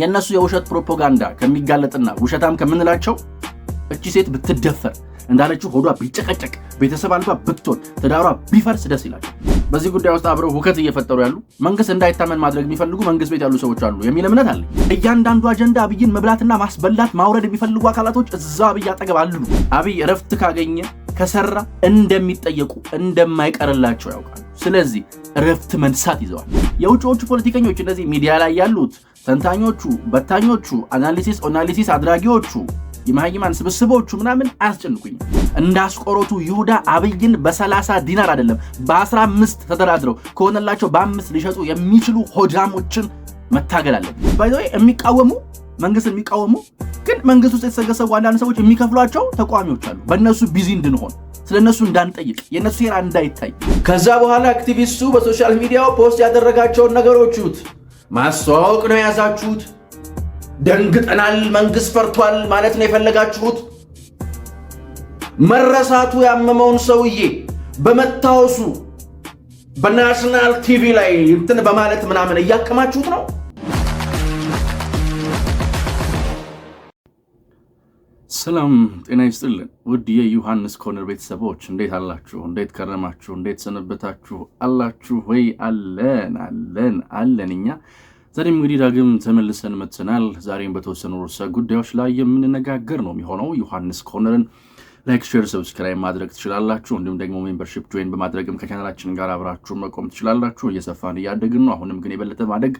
የእነሱ የውሸት ፕሮፓጋንዳ ከሚጋለጥና ውሸታም ከምንላቸው እቺ ሴት ብትደፈር እንዳለችው ሆዷ ቢጨቀጨቅ ቤተሰብ አልባ ብትሆን ትዳሯ ቢፈርስ ደስ ይላቸው። በዚህ ጉዳይ ውስጥ አብረው ሁከት እየፈጠሩ ያሉ መንግስት እንዳይታመን ማድረግ የሚፈልጉ መንግስት ቤት ያሉ ሰዎች አሉ የሚል እምነት አለ። እያንዳንዱ አጀንዳ አብይን መብላትና ማስበላት ማውረድ የሚፈልጉ አካላቶች እዛ አብይ አጠገብ አሉ። አብይ እረፍት ካገኘ ከሰራ እንደሚጠየቁ እንደማይቀርላቸው ያውቃሉ። ስለዚህ እረፍት መንሳት ይዘዋል። የውጭዎቹ ፖለቲከኞች እነዚህ ሚዲያ ላይ ያሉት ተንታኞቹ፣ በታኞቹ፣ አናሊሲስ ኦናሊሲስ አድራጊዎቹ የመሃይማን ስብስቦቹ ምናምን አያስጨንቁኝ። እንዳስቆሮቱ ይሁዳ አብይን በ30 ዲናር አይደለም በ15 ተደራድረው ከሆነላቸው በአምስት ሊሸጡ የሚችሉ ሆዳሞችን መታገል አለን። ባይዘ የሚቃወሙ መንግስት የሚቃወሙ ግን መንግስት ውስጥ የተሰገሰቡ አንዳንድ ሰዎች የሚከፍሏቸው ተቃዋሚዎች አሉ። በእነሱ ቢዚ እንድንሆን ስለ እነሱ እንዳንጠይቅ የእነሱ ሴራ እንዳይታይ ከዛ በኋላ አክቲቪስቱ በሶሻል ሚዲያው ፖስት ያደረጋቸውን ነገሮች ማስተዋወቅ ነው የያዛችሁት። ደንግጠናል፣ መንግሥት ፈርቷል ማለት ነው የፈለጋችሁት። መረሳቱ ያመመውን ሰውዬ በመታወሱ በናሽናል ቲቪ ላይ እንትን በማለት ምናምን እያከማችሁት ነው። ሰላም ጤና ይስጥልን ውድ የዮሐንስ ኮርነር ቤተሰቦች እንዴት አላችሁ? እንዴት ከረማችሁ? እንዴት ሰነበታችሁ? አላችሁ ወይ? አለን አለን አለን። እኛ ዛሬም እንግዲህ ዳግም ተመልሰን መጥተናል። ዛሬም በተወሰኑ ርዕሰ ጉዳዮች ላይ የምንነጋገር ነው የሚሆነው ዮሐንስ ኮርነርን ላይክ፣ ሼር፣ ሰብስክራይብ ማድረግ ትችላላችሁ። እንዲሁም ደግሞ ሜምበርሺፕ ጆይን በማድረግም ከቻናላችን ጋር አብራችሁ መቆም ትችላላችሁ። እየሰፋን እያደግን ነው። አሁንም ግን የበለጠ ማደግ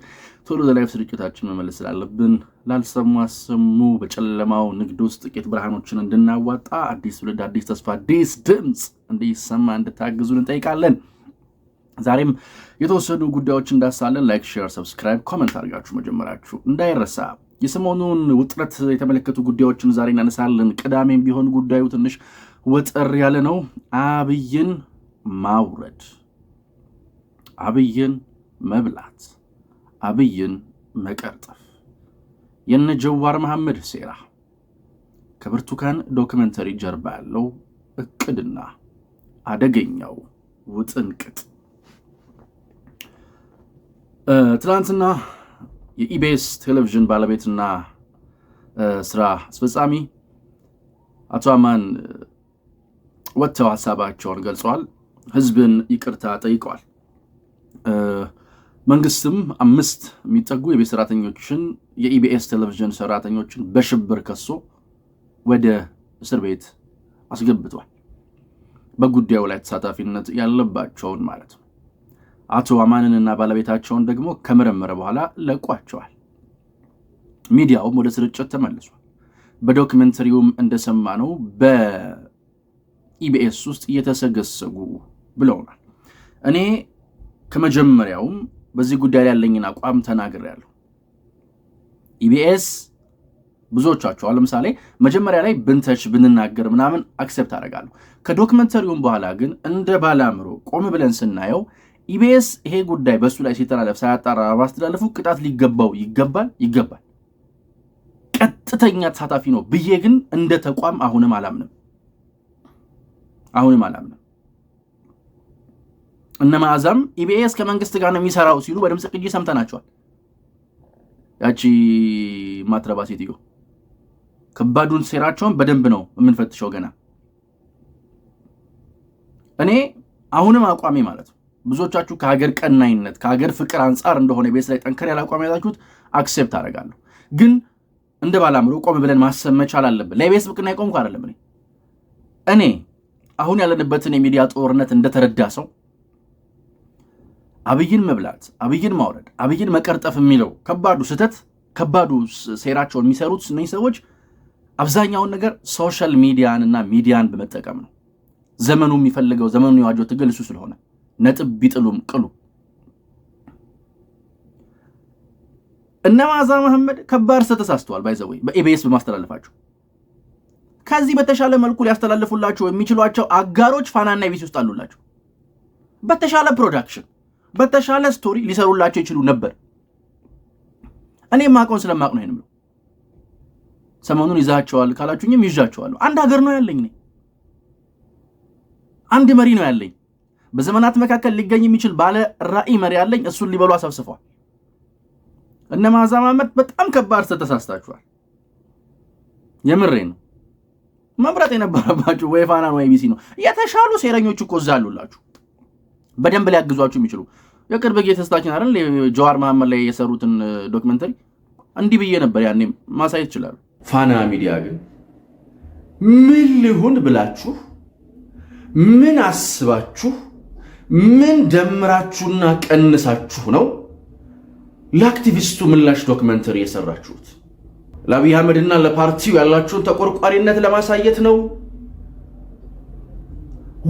ቶሎ ዘላይፍ ስርጭታችን መመለስ ስላለብን ላልሰሙ አሰሙ። በጨለማው ንግድ ውስጥ ጥቂት ብርሃኖችን እንድናዋጣ አዲስ ትውልድ፣ አዲስ ተስፋ፣ አዲስ ድምፅ እንዲሰማ እንድታግዙን እንጠይቃለን። ዛሬም የተወሰኑ ጉዳዮች እንዳሳለን። ላይክ፣ ሼር፣ ሰብስክራይብ፣ ኮመንት አድርጋችሁ መጀመራችሁ እንዳይረሳ። የሰሞኑን ውጥረት የተመለከቱ ጉዳዮችን ዛሬ እናነሳለን። ቅዳሜም ቢሆን ጉዳዩ ትንሽ ወጠር ያለ ነው። አብይን ማውረድ፣ አብይን መብላት፣ አብይን መቀርጠፍ የነ ጀዋር መሐመድ ሴራ ከብርቱካን ዶክመንተሪ ጀርባ ያለው እቅድና አደገኛው ውጥንቅጥ ትናንትና የኢቢኤስ ቴሌቪዥን ባለቤትና ስራ አስፈጻሚ አቶ አማን ወጥተው ሀሳባቸውን ገልጸዋል። ህዝብን ይቅርታ ጠይቀዋል። መንግስትም አምስት የሚጠጉ የቤት ሰራተኞችን የኢቢኤስ ቴሌቪዥን ሰራተኞችን በሽብር ከሶ ወደ እስር ቤት አስገብቷል። በጉዳዩ ላይ ተሳታፊነት ያለባቸውን ማለት ነው። አቶ አማንንና ባለቤታቸውን ደግሞ ከመረመረ በኋላ ለቋቸዋል። ሚዲያውም ወደ ስርጭት ተመልሷል። በዶክመንተሪውም እንደሰማነው በኢቢኤስ ውስጥ እየተሰገሰጉ ብለውናል። እኔ ከመጀመሪያውም በዚህ ጉዳይ ላይ ያለኝን አቋም ተናግሬያለሁ። ኢቢኤስ ብዙዎቻቸው ለምሳሌ መጀመሪያ ላይ ብንተች ብንናገር ምናምን አክሴፕት አደርጋለሁ። ከዶክመንተሪውም በኋላ ግን እንደ ባላምሮ ቆም ብለን ስናየው ኢቢኤስ ይሄ ጉዳይ በእሱ ላይ ሲተላለፍ ሳያጣራ ባስተላለፉ ቅጣት ሊገባው ይገባል ይገባል። ቀጥተኛ ተሳታፊ ነው ብዬ ግን እንደ ተቋም አሁንም አላምንም አሁንም አላምንም። እነ መዓዛም ኢቢኤስ ከመንግስት ጋር ነው የሚሰራው ሲሉ በድምፅ ቅጂ ሰምተናቸዋል። ያቺ ማትረባ ሴትዮ ከባዱን ሴራቸውን በደንብ ነው የምንፈትሸው ገና። እኔ አሁንም አቋሜ ማለት ነው ብዙዎቻችሁ ከሀገር ቀናይነት ከሀገር ፍቅር አንጻር እንደሆነ ቤት ላይ ጠንከር ያለ አቋም አክሴፕት አደርጋለሁ። ግን እንደ ባላምሮ ቆም ብለን ማሰብ መቻል አለብን። ለቤት ብቅና የቆምኩ አይደለም እኔ እኔ አሁን ያለንበትን የሚዲያ ጦርነት እንደተረዳ ሰው አብይን መብላት፣ አብይን ማውረድ፣ አብይን መቀርጠፍ የሚለው ከባዱ ስህተት ከባዱ ሴራቸውን የሚሰሩት እነዚህ ሰዎች አብዛኛውን ነገር ሶሻል ሚዲያን እና ሚዲያን በመጠቀም ነው። ዘመኑ የሚፈልገው ዘመኑ የዋጀው ትግል እሱ ስለሆነ ነጥብ ቢጥሉም ቅሉ እነ መዓዛ መሐመድ ከባድ ስህተት ተሳስተዋል። ባይዘወይ በኢቢኤስ በማስተላለፋቸው ከዚህ በተሻለ መልኩ ሊያስተላልፉላቸው የሚችሏቸው አጋሮች ፋናና ኢቢሲ ውስጥ አሉላቸው። በተሻለ ፕሮዳክሽን፣ በተሻለ ስቶሪ ሊሰሩላቸው ይችሉ ነበር። እኔ ማቀውን ስለማቅ ነው። ይህንም ሰሞኑን ይዛቸዋል ካላችሁኝም ይዣቸዋለሁ። አንድ ሀገር ነው ያለኝ፣ አንድ መሪ ነው ያለኝ። በዘመናት መካከል ሊገኝ የሚችል ባለ ራዕይ መሪ ያለኝ እሱን ሊበሉ አሰብስፏል። እነ መዓዛ መሐመድ በጣም ከባድ ተሳስታችኋል። የምሬ ነው። መምረጥ የነበረባችሁ ወይ ፋናን ወይ ቢሲ ነው። የተሻሉ ሴረኞች እኮ እዛ አሉላችሁ፣ በደንብ ሊያግዟችሁ የሚችሉ የቅርብ ጊዜ ተስታችን አይደል ጀዋር መሐመድ ላይ የሰሩትን ዶክመንተሪ እንዲህ ብዬ ነበር ያኔ ማሳየት ይችላሉ። ፋና ሚዲያ ግን ምን ልሁን ብላችሁ ምን አስባችሁ ምን ደምራችሁና ቀንሳችሁ ነው ለአክቲቪስቱ ምላሽ ዶክመንተሪ የሰራችሁት? ለአብይ አህመድና ለፓርቲው ያላችሁን ተቆርቋሪነት ለማሳየት ነው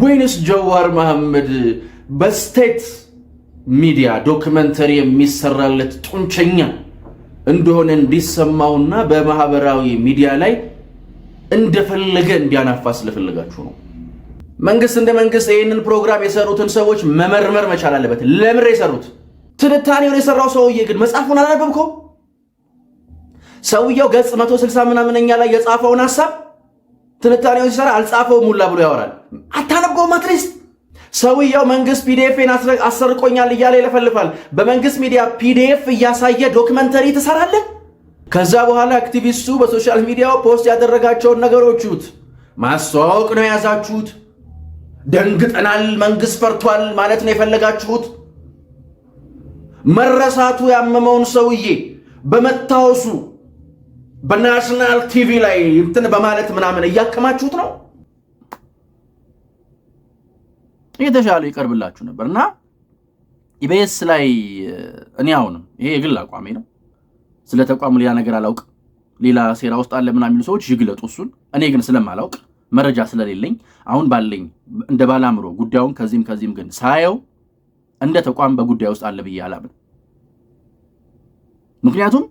ወይንስ ጀዋር መሐመድ በስቴት ሚዲያ ዶክመንተሪ የሚሰራለት ጡንቸኛ እንደሆነ እንዲሰማውና በማህበራዊ ሚዲያ ላይ እንደፈለገ እንዲያናፋ ስለፈለጋችሁ ነው? መንግስት እንደ መንግስት ይህንን ፕሮግራም የሰሩትን ሰዎች መመርመር መቻል አለበት። ለምር የሰሩት ትንታኔውን የሰራው ሰውዬ ግን መጽሐፉን አላነበብከው? ሰውየው ገጽ 160 ምናምነኛ ላይ የጻፈውን ሀሳብ ትንታኔውን ሲሰራ አልጻፈውም ሁላ ብሎ ያወራል። አታነበውም? አትሊስት ሰውየው መንግስት ፒዲኤፍን አሰርቆኛል እያለ ይለፈልፋል። በመንግስት ሚዲያ ፒዲኤፍ እያሳየ ዶክመንተሪ ትሰራለህ። ከዛ በኋላ አክቲቪስቱ በሶሻል ሚዲያው ፖስት ያደረጋቸውን ነገሮች ማስተዋወቅ ነው የያዛችሁት። ደንግጠናል፣ መንግስት ፈርቷል ማለት ነው የፈለጋችሁት? መረሳቱ ያመመውን ሰውዬ በመታወሱ በናሽናል ቲቪ ላይ እንትን በማለት ምናምን እያከማችሁት ነው። የተሻለ ይቀርብላችሁ ነበር እና ኢቢኤስ ላይ እኔ አሁንም ይሄ የግል አቋሜ ነው። ስለ ተቋሙ ሌላ ነገር አላውቅም። ሌላ ሴራ ውስጥ አለ ምናምን የሚሉ ሰዎች ይግለጡ እሱን። እኔ ግን ስለማላውቅ መረጃ ስለሌለኝ አሁን ባለኝ እንደ ባላምሮ ጉዳዩን ከዚህም ከዚህም ግን ሳየው እንደ ተቋም በጉዳይ ውስጥ አለ ብዬ አላምን። ምክንያቱም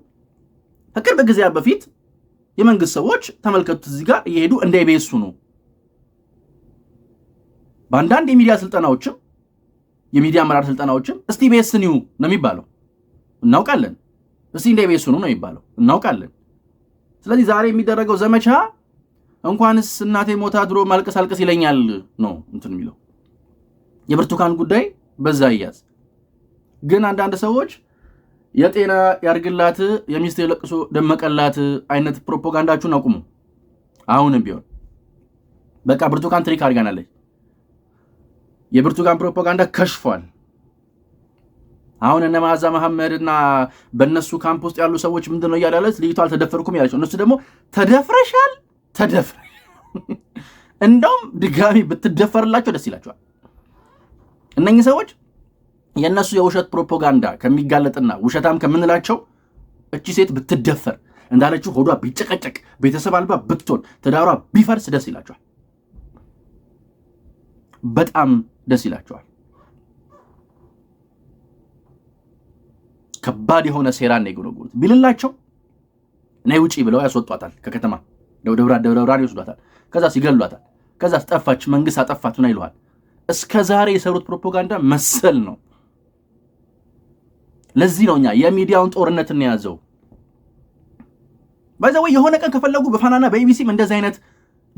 ከቅርብ ጊዜያ በፊት የመንግስት ሰዎች ተመልከቱት፣ እዚህ ጋር እየሄዱ እንደ ኢቢኤሱ ነው። በአንዳንድ የሚዲያ ስልጠናዎችም የሚዲያ አመራር ስልጠናዎችም እስቲ ኢቢኤስ ኒው ነው የሚባለው እናውቃለን። እስቲ እንደ ኢቢኤሱ ነው ነው የሚባለው እናውቃለን። ስለዚህ ዛሬ የሚደረገው ዘመቻ እንኳንስ እናቴ ሞታ ድሮ ማልቀስ አልቀስ ይለኛል ነው እንትን የሚለው። የብርቱካን ጉዳይ በዛ እያዝ ግን አንዳንድ ሰዎች የጤና ያርግላት የሚስት የለቅሶ ደመቀላት አይነት ፕሮፓጋንዳችሁን አቁሙ። አሁንም ቢሆን በቃ ብርቱካን ትሪክ አድርጋናለች። የብርቱካን ፕሮፓጋንዳ ከሽፏል። አሁን እነ መዓዛ መሐመድ እና በእነሱ ካምፕ ውስጥ ያሉ ሰዎች ምንድን ነው እያለ ያለት ልጅቷ አልተደፈርኩም ያለችው እነሱ ደግሞ ተደፍረሻል ተደፍረ እንደውም ድጋሚ ብትደፈርላቸው ደስ ይላቸዋል። እነኚህ ሰዎች የእነሱ የውሸት ፕሮፓጋንዳ ከሚጋለጥና ውሸታም ከምንላቸው እቺ ሴት ብትደፈር እንዳለችው ሆዷ ቢጨቀጨቅ ቤተሰብ አልባ ብትሆን ትዳሯ ቢፈርስ ደስ ይላቸዋል። በጣም ደስ ይላቸዋል። ከባድ የሆነ ሴራ ነው የጎረጎሩት። ቢልላቸው ነይ ውጪ ብለው ያስወጧታል ከከተማ ደብደብራን ደብደብራን ይወስዷታል። ከዛስ ይገሏታል። ከዛስ ጠፋች፣ መንግስት አጠፋት ይለዋል። እስከ ዛሬ የሰሩት ፕሮፓጋንዳ መሰል ነው። ለዚህ ነው እኛ የሚዲያውን ጦርነትን የያዘው። ባይዛ ወይ የሆነ ቀን ከፈለጉ በፋናና በኢቢሲም እንደዚህ አይነት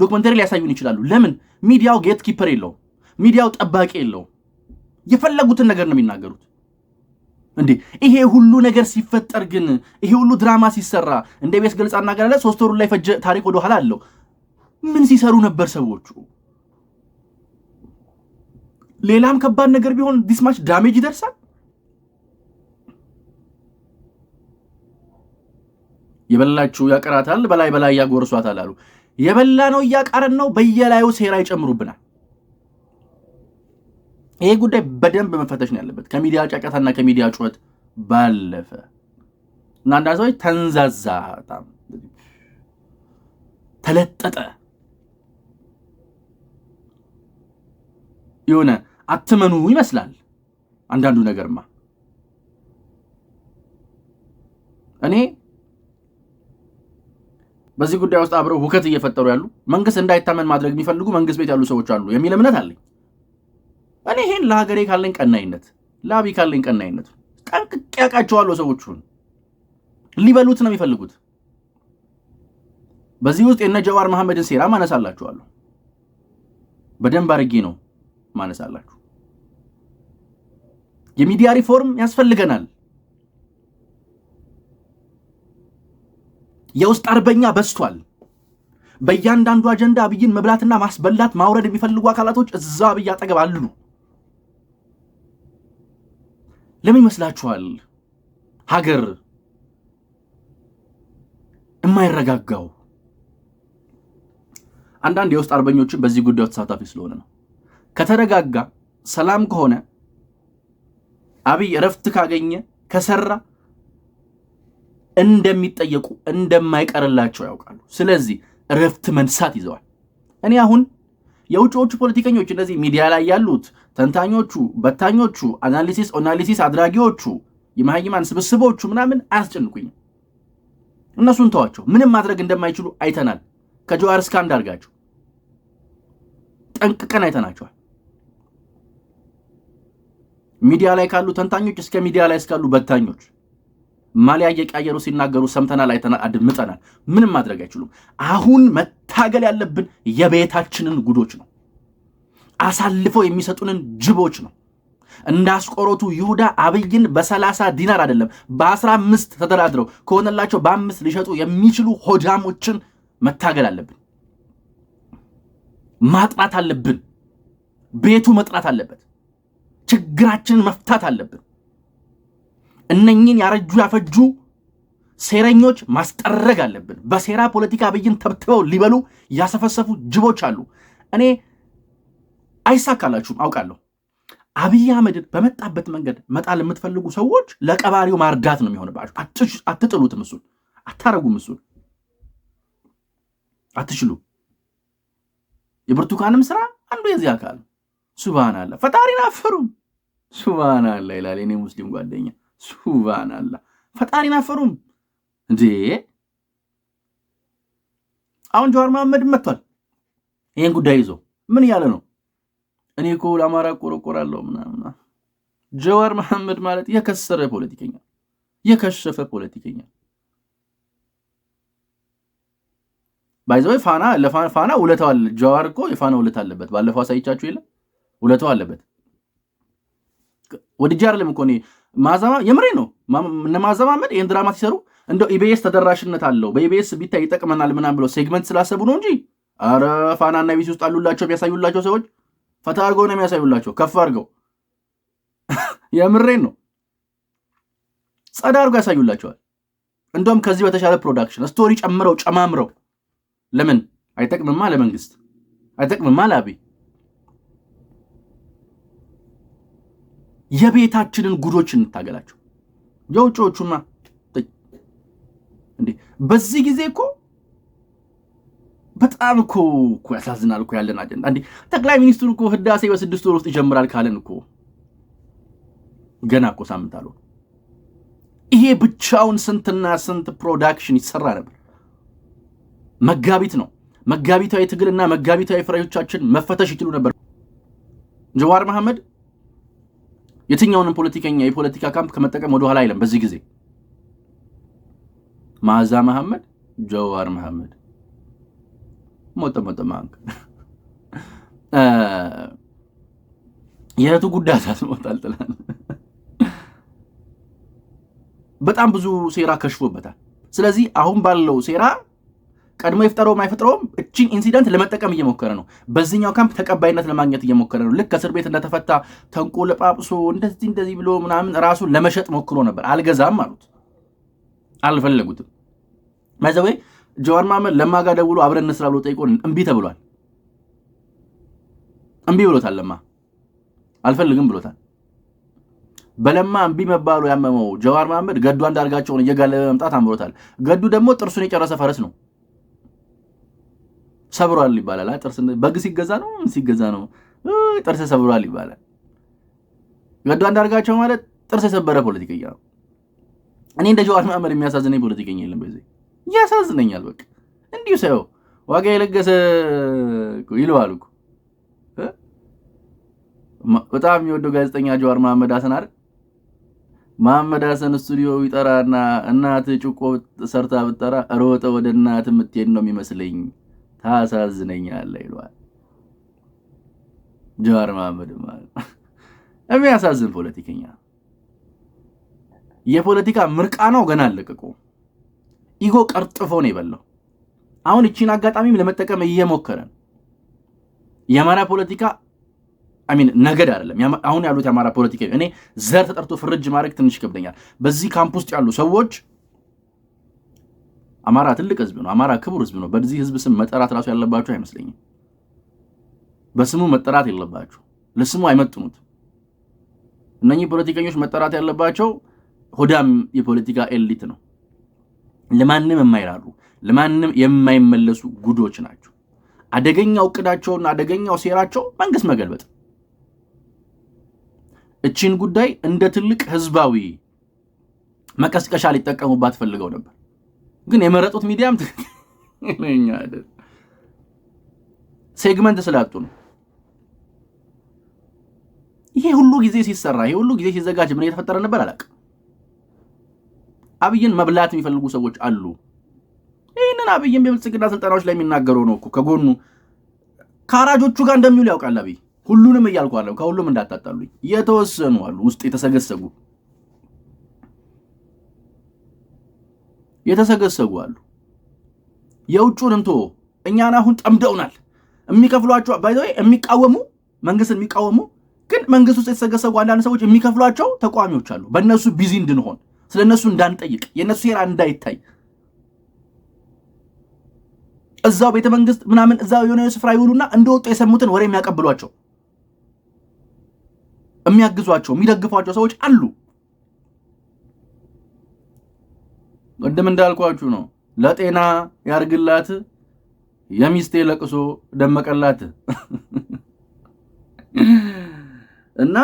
ዶክመንተሪ ሊያሳዩን ይችላሉ። ለምን ሚዲያው ጌት ኪፐር የለው፣ ሚዲያው ጠባቂ የለው። የፈለጉትን ነገር ነው የሚናገሩት። እንዴ ይሄ ሁሉ ነገር ሲፈጠር ግን ይሄ ሁሉ ድራማ ሲሰራ እንደ ቤስ ገልጻ እናገራለ ሶስት ወሩ ላይ ፈጀ ታሪክ ወደኋላ አለው። ምን ሲሰሩ ነበር ሰዎቹ? ሌላም ከባድ ነገር ቢሆን ዲስማች ዳሜጅ ይደርሳል። የበላችሁ ያቀራታል፣ በላይ በላይ ያጎርሷታል አሉ። የበላ ነው እያቃረን ነው፣ በየላዩ ሴራ ይጨምሩብናል። ይሄ ጉዳይ በደንብ መፈተሽ ነው ያለበት ከሚዲያ ጫቀታና ከሚዲያ ጩኸት ባለፈ እና አንዳንድ ሰዎች ተንዛዛ፣ በጣም ተለጠጠ፣ የሆነ አትመኑ ይመስላል አንዳንዱ ነገርማ። እኔ በዚህ ጉዳይ ውስጥ አብረው ሁከት እየፈጠሩ ያሉ መንግስት እንዳይታመን ማድረግ የሚፈልጉ መንግስት ቤት ያሉ ሰዎች አሉ የሚል እምነት አለኝ። እኔ ይሄን ለሀገሬ ካለኝ ቀናይነት ለአቢ ካለኝ ቀናይነት ጠንቅቄ ያውቃቸዋለሁ። ሰዎቹን ሊበሉት ነው የሚፈልጉት። በዚህ ውስጥ የነ ጀዋር መሐመድን ሴራ ማነሳላችኋለሁ። በደንብ አድርጌ ነው ማነሳላችሁ። የሚዲያ ሪፎርም ያስፈልገናል። የውስጥ አርበኛ በዝቷል። በእያንዳንዱ አጀንዳ አብይን መብላትና ማስበላት ማውረድ የሚፈልጉ አካላቶች እዛ አብይ አጠገብ አሉ። ለምን ይመስላችኋል ሀገር የማይረጋጋው? አንዳንድ የውስጥ አርበኞችን በዚህ ጉዳዩ ተሳታፊ ስለሆነ ነው። ከተረጋጋ ሰላም ከሆነ አብይ እረፍት ካገኘ ከሰራ እንደሚጠየቁ እንደማይቀርላቸው ያውቃሉ። ስለዚህ እረፍት መንሳት ይዘዋል። እኔ አሁን የውጭዎቹ ፖለቲከኞች እነዚህ ሚዲያ ላይ ያሉት ተንታኞቹ፣ በታኞቹ፣ አናሊሲስ ኦናሊሲስ አድራጊዎቹ፣ የመሀይማን ስብስቦቹ ምናምን አያስጨንቁኝም። እነሱን ተዋቸው። ምንም ማድረግ እንደማይችሉ አይተናል። ከጀዋር እስከ አንዳርጋቸው ጠንቅቀን አይተናቸዋል። ሚዲያ ላይ ካሉ ተንታኞች እስከ ሚዲያ ላይ እስካሉ በታኞች ማሊያ እየቀያየሩ ሲናገሩ ሰምተናል፣ አይተናል፣ አድምጠናል። ምንም ማድረግ አይችሉም። አሁን መታገል ያለብን የቤታችንን ጉዶች ነው። አሳልፈው የሚሰጡንን ጅቦች ነው። እንዳስቆሮቱ ይሁዳ አብይን በሰላሳ ዲናር አይደለም በአስራ አምስት ተደራድረው ከሆነላቸው በአምስት ሊሸጡ የሚችሉ ሆዳሞችን መታገል አለብን፣ ማጥራት አለብን። ቤቱ መጥራት አለበት። ችግራችንን መፍታት አለብን። እነኝን ያረጁ ያፈጁ ሴረኞች ማስጠረግ አለብን። በሴራ ፖለቲካ አብይን ተብትበው ሊበሉ ያሰፈሰፉ ጅቦች አሉ። እኔ አይሳካላችሁም አውቃለሁ። አብይ አህመድን በመጣበት መንገድ መጣል የምትፈልጉ ሰዎች ለቀባሪው ማርዳት ነው የሚሆንባችሁ። አትጥሉትም፣ እሱን አታረጉም፣ እሱን አትችሉ። የብርቱካንም ስራ አንዱ የዚህ አካል ሱብሃናላ። ፈጣሪን አፈሩም ሱብሃናላ ይላል የኔ ሙስሊም ጓደኛ። ሱብሃናላ ፈጣሪን አፈሩም እንዴ! አሁን ጀዋር መሐመድ መጥቷል። ይህን ጉዳይ ይዞ ምን እያለ ነው? እኔ እኮ ለአማራ ቆረቆራለሁ ምናምና። ጀዋር መሐመድ ማለት የከሰረ ፖለቲከኛ፣ የከሸፈ ፖለቲከኛ ባይዘው ፋና ለፋና ውለታው አለ። ጀዋር እኮ የፋና ውለታ አለበት። ባለፈው አሳይቻችሁ የለ ውለታው አለበት። ወድጄ አይደለም እኮ እኔ ማዛማ የምሬ ነው። እነ ማዘማመድ ይህን ድራማ ሲሰሩ እንደው ኢቢኤስ ተደራሽነት አለው በኢቢኤስ ቢታይ ይጠቅመናል ምናምን ብለው ሴግመንት ስላሰቡ ነው እንጂ አረ ፋናና ኢቢኤስ ውስጥ አሉላቸው የሚያሳዩላቸው ሰዎች ፈታ አድርገው ነው የሚያሳዩላቸው። ከፍ አድርገው የምሬን ነው ጸዳ አድርገው ያሳዩላቸዋል። እንደውም ከዚህ በተሻለ ፕሮዳክሽን ስቶሪ ጨምረው ጨማምረው ለምን አይጠቅምማ? ለመንግስት አይጠቅምማ? ለአብይ የቤታችንን ጉዶች እንታገላቸው የውጭዎቹና እንዴ በዚህ ጊዜ እኮ በጣም እኮ እኮ ያሳዝናል እኮ ያለን አጀንዳ። እንዴ ጠቅላይ ሚኒስትሩ እኮ ህዳሴ በስድስት ወር ውስጥ ይጀምራል ካለን እኮ ገና እኮ ሳምንት አሉ። ይሄ ብቻውን ስንትና ስንት ፕሮዳክሽን ይሰራ ነበር። መጋቢት ነው መጋቢታዊ ትግልና መጋቢታዊ ፍራዮቻችን መፈተሽ ይችሉ ነበር። ጀዋር መሐመድ የትኛውንም ፖለቲከኛ የፖለቲካ ካምፕ ከመጠቀም ወደኋላ አይለም። በዚህ ጊዜ ማዛ መሐመድ፣ ጀዋር መሐመድ ሞተ ሞተ ማንክ የእህቱ ጉዳት አስሞታል ትላል። በጣም ብዙ ሴራ ከሽፎበታል። ስለዚህ አሁን ባለው ሴራ ቀድሞ የፍጠረውም አይፈጥረውም እችን ኢንሲደንት ለመጠቀም እየሞከረ ነው። በዚኛው ካምፕ ተቀባይነት ለማግኘት እየሞከረ ነው። ልክ ከእስር ቤት እንደተፈታ ተንቆ ለጳጵሶ እንደዚህ እንደዚህ ብሎ ምናምን ራሱን ለመሸጥ ሞክሮ ነበር። አልገዛም አሉት፣ አልፈለጉትም። መዘዌ ጀዋር መሐመድ ለማ ጋ ደውሎ አብረን እንስራ ብሎ ጠይቆ እምቢ ተብሏል። እምቢ ብሎታል። ለማ አልፈልግም ብሎታል። በለማ እምቢ መባሉ ያመመው ጀዋር መሐመድ ገዱ አንዳርጋቸውን እየጋለበ መምጣት አምሮታል። ገዱ ደግሞ ጥርሱን የጨረሰ ፈረስ ነው። ሰብሯል ይባላል። ጥርስ በግ ሲገዛ ነው ሲገዛ ነው ጥርስ ሰብሯል ይባላል። ገዱ አንዳርጋቸው ማለት ጥርስ የሰበረ ፖለቲከኛ ነው። እኔ እንደ ጀዋር መሐመድ የሚያሳዝነኝ ፖለቲከኛ የለም በዚህ ያሳዝነኛል። በቃ እንዲሁ ሰው ዋጋ የለገሰ ይለዋል እኮ በጣም የሚወደው ጋዜጠኛ ጀዋር መሐመድ ሀሰን አይደል? መሐመድ ሀሰን ስቱዲዮ ይጠራና እናት ጭቆ ሰርታ ብጠራ ሮጠ ወደ እናት የምትሄድ ነው የሚመስለኝ ታሳዝነኛለህ ይለዋል። ጀዋር መሐመድ ማለት የሚያሳዝን ፖለቲከኛ የፖለቲካ ምርቃ ነው ገና አለቀቀው። ኢጎ ቀርጥፎ ነው የበላው። አሁን እቺን አጋጣሚም ለመጠቀም እየሞከረ ነው። የአማራ ፖለቲካ አሚን ነገድ አይደለም። አሁን ያሉት የአማራ ፖለቲካ እኔ ዘር ተጠርቶ ፍርጅ ማድረግ ትንሽ ይከብደኛል። በዚህ ካምፕ ውስጥ ያሉ ሰዎች አማራ ትልቅ ህዝብ ነው። አማራ ክቡር ህዝብ ነው። በዚህ ህዝብ ስም መጠራት ራሱ ያለባችሁ አይመስለኝም። በስሙ መጠራት የለባችሁ፣ ለስሙ አይመጥኑት። እነኚህ ፖለቲከኞች መጠራት ያለባቸው ሆዳም የፖለቲካ ኤሊት ነው። ለማንም የማይራሩ ለማንም የማይመለሱ ጉዶች ናቸው። አደገኛው እቅዳቸውና አደገኛው ሴራቸው መንግስት መገልበጥ። እቺን ጉዳይ እንደ ትልቅ ህዝባዊ መቀስቀሻ ሊጠቀሙባት ፈልገው ነበር፣ ግን የመረጡት ሚዲያም ሴግመንት ስላጡ ነው። ይሄ ሁሉ ጊዜ ሲሰራ ይሄ ሁሉ ጊዜ ሲዘጋጅ ምን እየተፈጠረ ነበር አላውቅም። አብይን መብላት የሚፈልጉ ሰዎች አሉ። ይህንን አብይን በብልጽግና ስልጠናዎች ላይ የሚናገረው ነው እኮ ከጎኑ ከአራጆቹ ጋር እንደሚውሉ ያውቃል አብይ። ሁሉንም እያልኳለሁ፣ ከሁሉም እንዳታጣሉኝ። የተወሰኑ አሉ ውስጥ የተሰገሰጉ የተሰገሰጉ አሉ። የውጩንም ቶ እኛን አሁን ጠምደውናል። የሚከፍሏቸው ባይዘ የሚቃወሙ መንግስት የሚቃወሙ ግን መንግስት ውስጥ የተሰገሰጉ አንዳንድ ሰዎች የሚከፍሏቸው ተቃዋሚዎች አሉ። በእነሱ ቢዚ እንድንሆን ስለ እነሱ እንዳንጠይቅ፣ የእነሱ ሴራ እንዳይታይ እዛው ቤተ መንግስት ምናምን እዛው የሆነ ስፍራ ይውሉና እንደወጡ የሰሙትን ወሬ የሚያቀብሏቸው የሚያግዟቸው የሚደግፏቸው ሰዎች አሉ። ቅድም እንዳልኳችሁ ነው። ለጤና ያርግላት የሚስቴ ለቅሶ ደመቀላት እና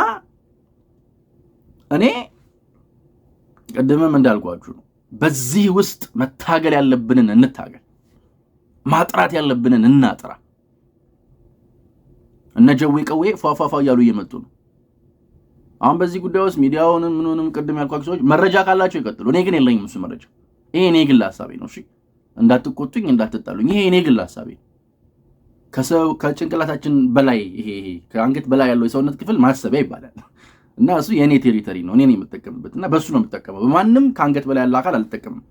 እኔ ቅድምም እንዳልኳችሁ ነው። በዚህ ውስጥ መታገል ያለብንን እንታገል፣ ማጥራት ያለብንን እናጥራ። እነ ጀዌ ቀዌ ፏፏፏ እያሉ እየመጡ ነው። አሁን በዚህ ጉዳይ ውስጥ ሚዲያውንም ምንንም ቅድም ያልኳቸው ሰዎች መረጃ ካላቸው ይቀጥሉ። እኔ ግን የለኝም እሱ መረጃ። ይሄ እኔ ግል ሀሳቤ ነው። እሺ እንዳትቆጡኝ፣ እንዳትጣሉኝ። ይሄ እኔ ግል ሀሳቤ ከሰው ከጭንቅላታችን በላይ ይሄ ከአንገት በላይ ያለው የሰውነት ክፍል ማሰቢያ ይባላል። እና እሱ የእኔ ቴሪተሪ ነው፣ እኔ ነው የምጠቀምበት እና በእሱ ነው የምጠቀመው። በማንም ከአንገት በላይ ያለ አካል አልጠቀምም።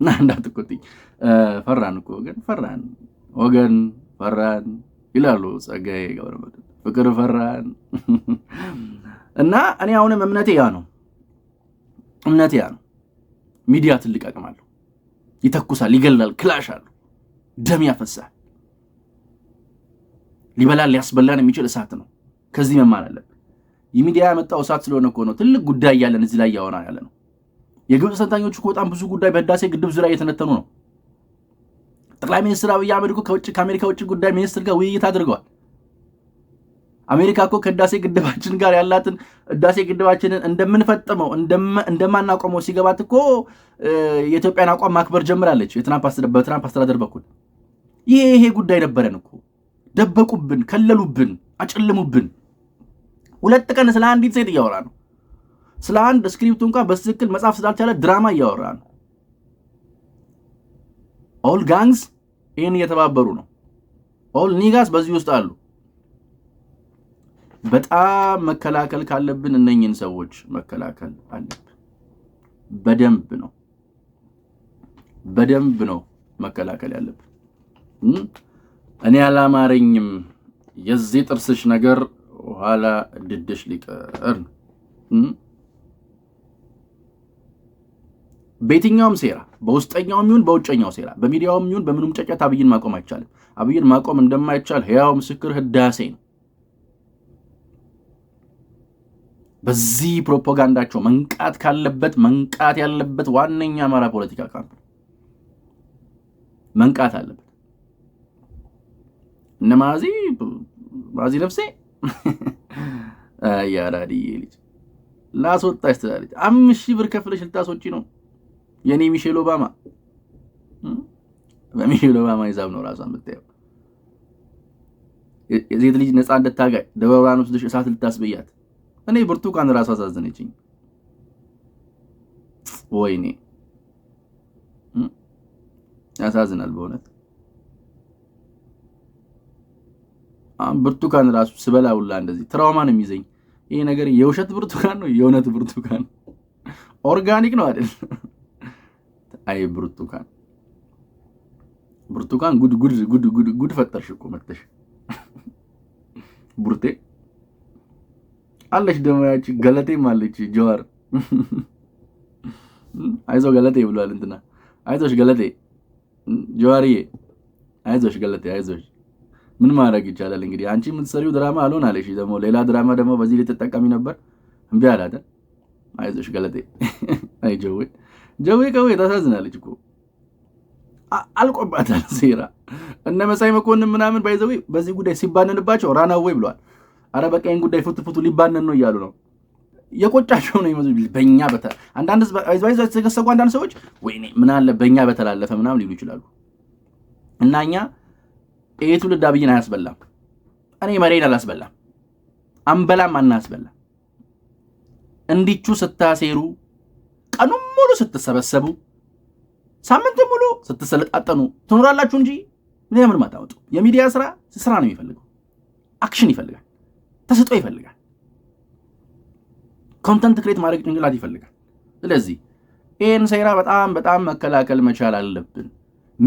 እና እንዳትቆጥኝ። ፈራን እኮ ወገን፣ ፈራን ወገን፣ ፈራን ይላሉ ጸጋዬ ገብረመድህን ፍቅር ፈራን እና እኔ አሁንም እምነቴ ያ ነው፣ እምነቴ ያ ነው። ሚዲያ ትልቅ አቅም አለው። ይተኩሳል፣ ይገላል፣ ክላሽ አሉ፣ ደም ያፈሳል፣ ሊበላል ሊያስበላን የሚችል እሳት ነው። ከዚህ መማር አለብን። የሚዲያ ያመጣው እሳት ስለሆነ እኮ ነው። ትልቅ ጉዳይ እያለን እዚህ ላይ እያወራ ያለ ነው። የግብፅ ተንታኞች እኮ በጣም ብዙ ጉዳይ በህዳሴ ግድብ ዙሪያ እየተነተኑ ነው። ጠቅላይ ሚኒስትር አብይ አህመድ እኮ ከአሜሪካ ውጭ ጉዳይ ሚኒስትር ጋር ውይይት አድርገዋል። አሜሪካ እኮ ከህዳሴ ግድባችን ጋር ያላትን ህዳሴ ግድባችንን እንደምንፈጥመው እንደማናቆመው ሲገባት እኮ የኢትዮጵያን አቋም ማክበር ጀምራለች። በትራምፕ አስተዳደር በኩል ይሄ ይሄ ጉዳይ ነበረን እኮ ደበቁብን፣ ከለሉብን፣ አጨልሙብን። ሁለት ቀን ስለ አንዲት ሴት እያወራ ነው። ስለ አንድ ስክሪፕቱ እንኳን በትክክል መጻፍ ስላልቻለ ድራማ እያወራ ነው። ኦል ጋንግስ ይህን እየተባበሩ ነው። ኦል ኒጋስ በዚህ ውስጥ አሉ። በጣም መከላከል ካለብን እነኝን ሰዎች መከላከል አለብን። በደንብ ነው በደንብ ነው መከላከል ያለብን። እኔ አላማረኝም የዚህ ጥርስሽ ነገር በኋላ ድድሽ ሊቀር ነው። በየትኛውም ሴራ በውስጠኛውም ይሁን በውጨኛው ሴራ በሚዲያውም ይሁን በምኑም ጨጨት አብይን ማቆም አይቻልም። አብይን ማቆም እንደማይቻል ሕያው ምስክር ህዳሴ ነው። በዚህ ፕሮፓጋንዳቸው መንቃት ካለበት መንቃት ያለበት ዋነኛ አማራ ፖለቲካ ካምፕ መንቃት አለበት። እነ ማዚ ማዚ ነፍሴ የአዳድዬ ልጅ ላስወጣሽ ትላለች። አምስት ሺህ ብር ከፍለሽ ልታስወጪ ነው የእኔ ሚሼል ኦባማ። በሚሼል ኦባማ ሂሳብ ነው ራሷ የምታየው። የሴት ልጅ ነፃ እንደታጋይ ደበብራን ውስጥሽ እሳት ልታስበያት። እኔ ብርቱካን ራሷ አሳዘነችኝ። ወይኔ ያሳዝናል በእውነት። ብርቱካን ራሱ ስበላ ሁላ እንደዚህ ትራውማ ነው የሚይዘኝ። ይሄ ነገር የውሸት ብርቱካን ነው የእውነት ብርቱካን ኦርጋኒክ ነው አይደል? አይ ብርቱካን ብርቱካን ጉድ ጉድ ጉድ ጉድ ጉድ ፈጠርሽ እኮ መጥተሽ ቡርቴ አለሽ ደሞ ያቺ ገለቴም አለች ጀዋር አይዞ ገለቴ ብሏል እንትና አይዞሽ ገለቴ ጀዋርዬ አይዞሽ ገለቴ አይዞሽ ምን ማድረግ ይቻላል? እንግዲህ አንቺ የምትሰሪው ድራማ አልሆን አለሽ። ደግሞ ሌላ ድራማ ደግሞ በዚህ ላይ ተጠቀሚ ነበር። እምቢ አላተ። አይዞሽ ገለጤ። አይ ጀዌ ጀዌ ቀዌ ታሳዝናለች እኮ አልቆባታል ሴራ። እነ መሳይ መኮንን ምናምን ባይዘዌ በዚህ ጉዳይ ሲባነንባቸው ራናዌ ብለዋል። አረ በቃ ይህን ጉዳይ ፍት ፍቱ፣ ሊባነን ነው እያሉ ነው። የቆጫቸው ነው ይመ በእኛ አንዳንድ የተገሰጉ አንዳንድ ሰዎች ወይኔ ምን አለ በእኛ በተላለፈ ምናምን ሊሉ ይችላሉ እና እኛ ይሄ ትውልድ አብይን አያስበላም። እኔ መሬን አላስበላም። አንበላም፣ አናስበላም። እንዲቹ ስታሴሩ፣ ቀኑን ሙሉ ስትሰበሰቡ፣ ሳምንት ሙሉ ስትሰለጣጠኑ ትኖራላችሁ እንጂ ምን ያምን ማታወጡ። የሚዲያ ስራ ስራ ነው የሚፈልገው። አክሽን ይፈልጋል፣ ተሰጦ ይፈልጋል፣ ኮንተንት ክሬት ማድረግ ጭንቅላት ይፈልጋል። ስለዚህ ይህን ሴራ በጣም በጣም መከላከል መቻል አለብን።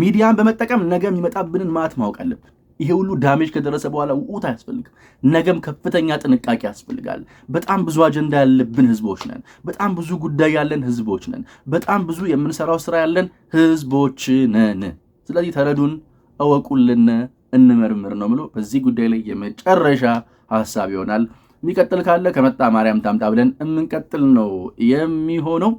ሚዲያን በመጠቀም ነገ የሚመጣብንን ማት ማወቅ አለብን። ይሄ ሁሉ ዳሜጅ ከደረሰ በኋላ ውዑት አያስፈልግም። ነገም ከፍተኛ ጥንቃቄ ያስፈልጋል። በጣም ብዙ አጀንዳ ያለብን ህዝቦች ነን። በጣም ብዙ ጉዳይ ያለን ህዝቦች ነን። በጣም ብዙ የምንሰራው ስራ ያለን ህዝቦች ነን። ስለዚህ ተረዱን፣ እወቁልን፣ እንመርምር ነው ብሎ በዚህ ጉዳይ ላይ የመጨረሻ ሀሳብ ይሆናል። የሚቀጥል ካለ ከመጣ ማርያም ታምጣ ብለን የምንቀጥል ነው የሚሆነው።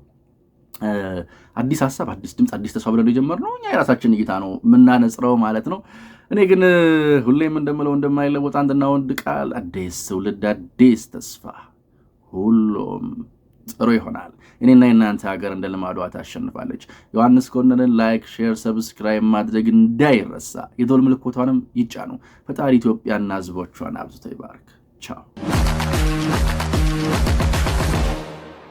አዲስ ሀሳብ፣ አዲስ ድምፅ፣ አዲስ ተስፋ ብለን የጀመርነው እኛ የራሳችን እይታ ነው የምናነጽረው ማለት ነው። እኔ ግን ሁሌም እንደምለው እንደማይለወጥ አንድና ወንድ ቃል አዲስ ትውልድ፣ አዲስ ተስፋ፣ ሁሉም ጥሩ ይሆናል። እኔና የእናንተ ሀገር እንደ ልማዷ ታሸንፋለች። ዮሐንስ ኮርነርን ላይክ፣ ሼር፣ ሰብስክራይብ ማድረግ እንዳይረሳ። የደወል ምልክቷንም ይጫኑ። ፈጣሪ ኢትዮጵያና ህዝቦቿን አብዝቶ ይባርክ። ቻው